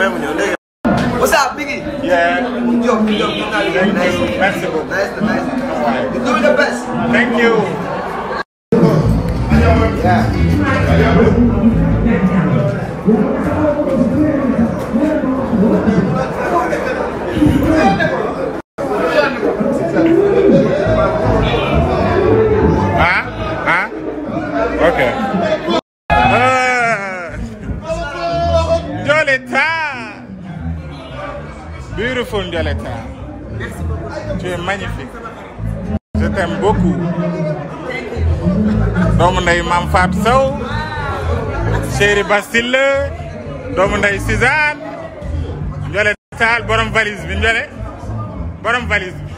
même you nigga. What's up, Biggie? Yeah. Good job, best. Fat Sow Chéri Bastille doomu nday Sizaan Ndiolé Tall borom valise bi Ndiolé borom valise bi.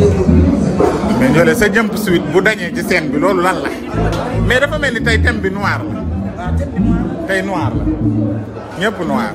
mais sa jump suite bu dañee ci scène bi loolu lan la mais dafa mel ni tey thème bi la tey noir la ñëpp noir.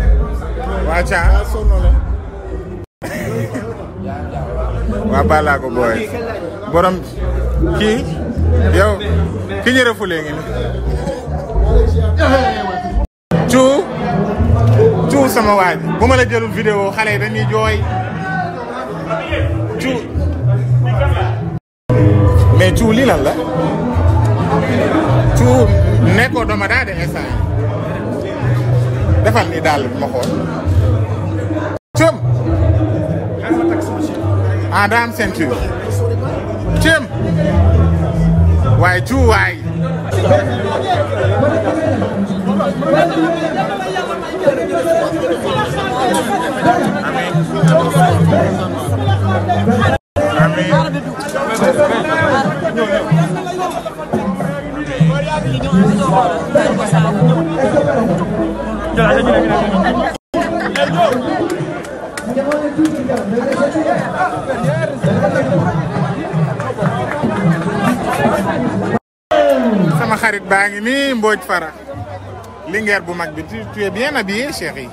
waa Caa ah, waa Ballago booy borom kii yow ki ñu refulee ngi nii. cuu sama waay bu ma la jëlul vidéo xale yi dañuy jooy cuu mais cuu lii lan la cuu nekkoo dama daa de defal ni daal bi ah daa am ceinture cem waay cu waay Amin. Amin. sama xarit baa ngi nii Mbodj Fara lingeer bu mag bi tu tu es bien habillé cheikh yi.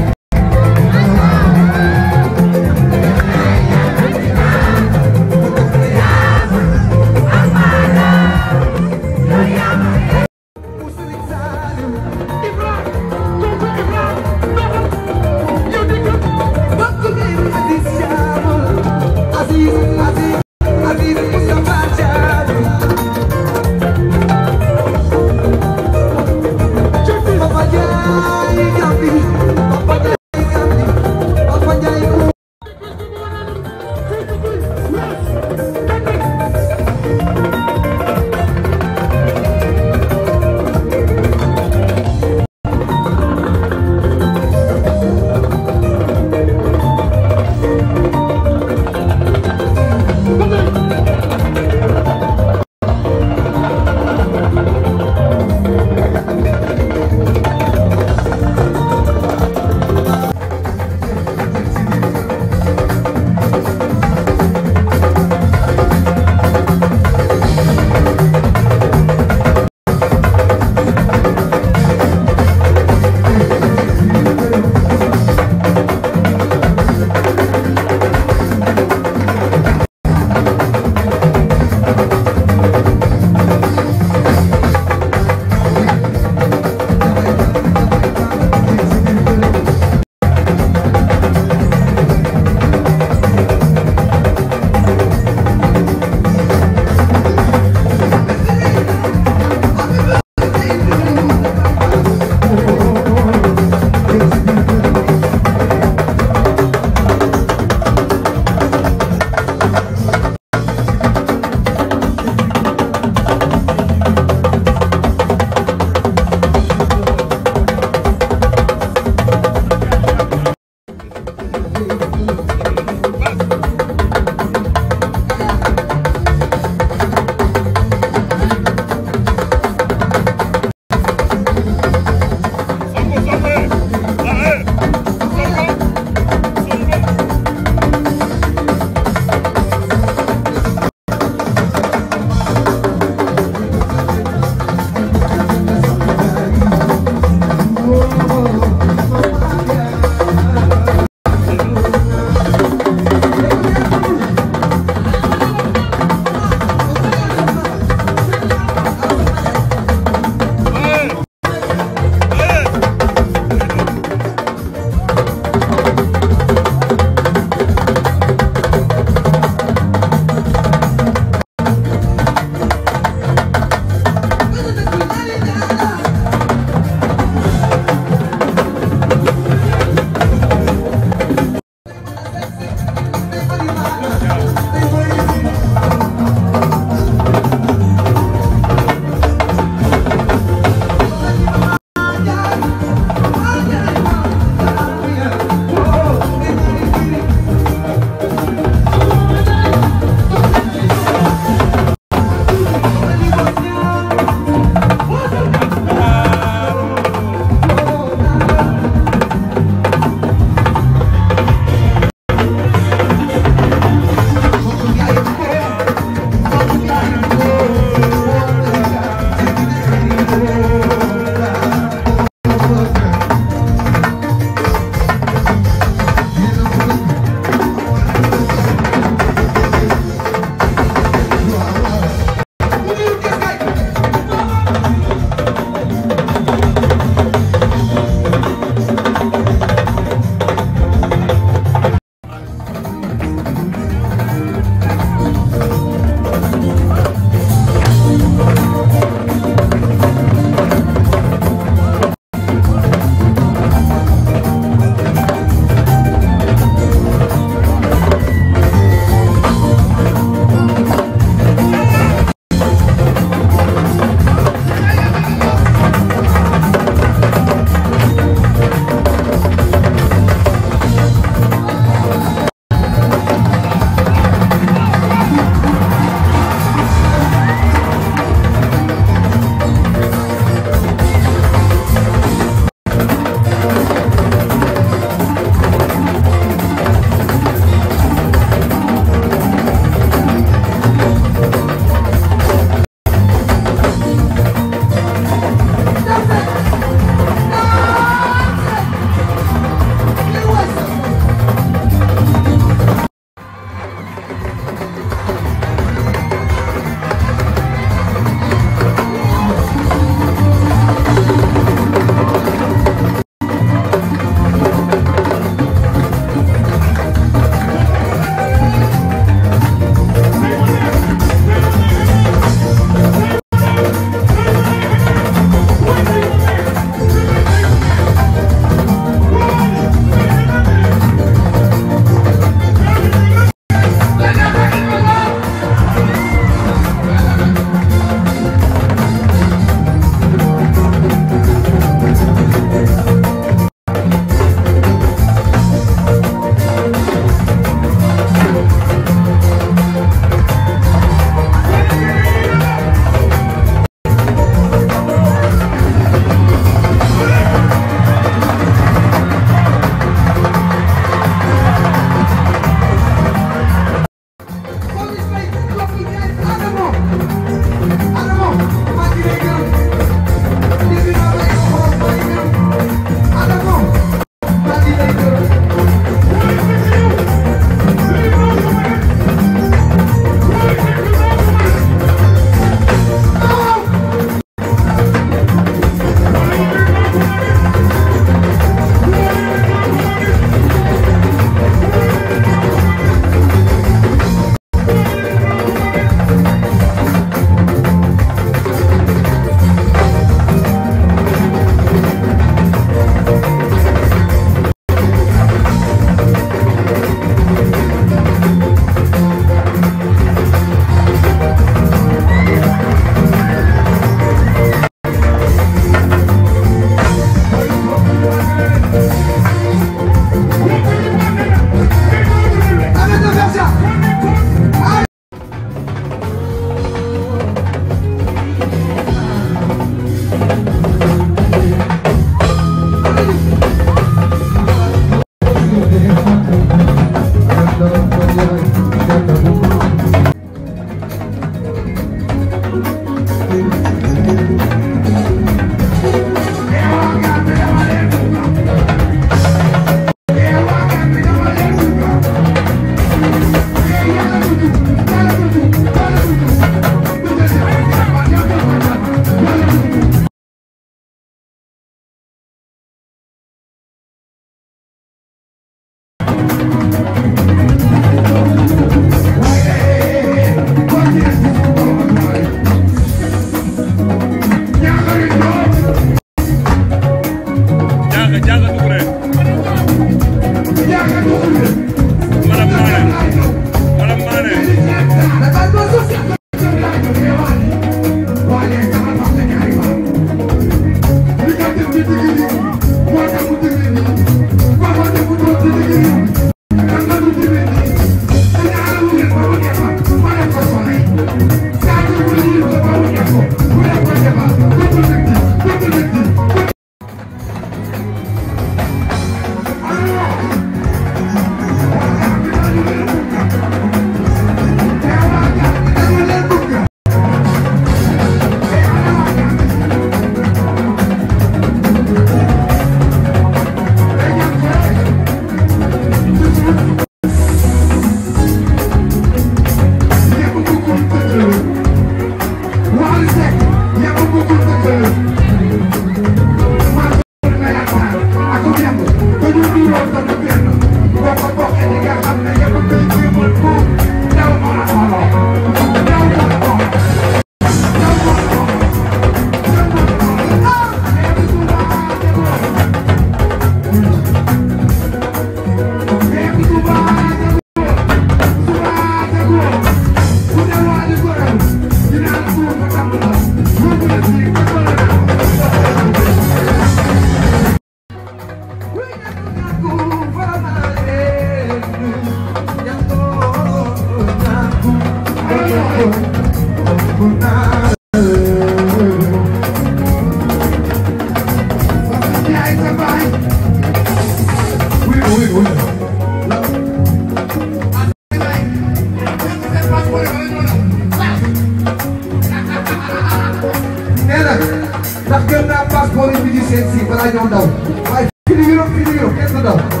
ndax gën naa passeport yi ñu ngi seen si balaa ñoo daw waaye fii di Europe fii di Europe kenn du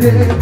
day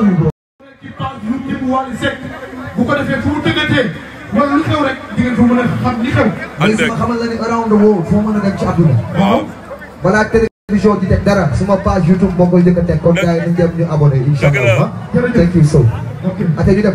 ndaw yu doon. ki paas lu bu ko defee fu mu tëggatee wala lu xew rek di ngeen fa mën a xam ni around the world foo mën di teg dara suma page YouTube moo koy njëkk a teg kon gars yi nañ dem ñu abonné incha allah. thank you so. ate ñu dem.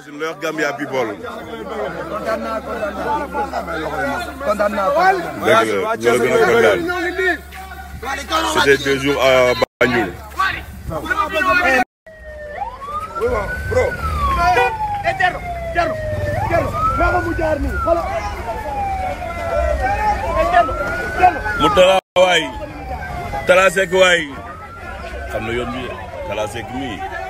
Yacine looy wax Gambia bi bool. kontaan naa kontaan naa kontaan naa C'était deux jours à Banjul. mu tala waay tala sek waay xam na yoon bi tala sek mi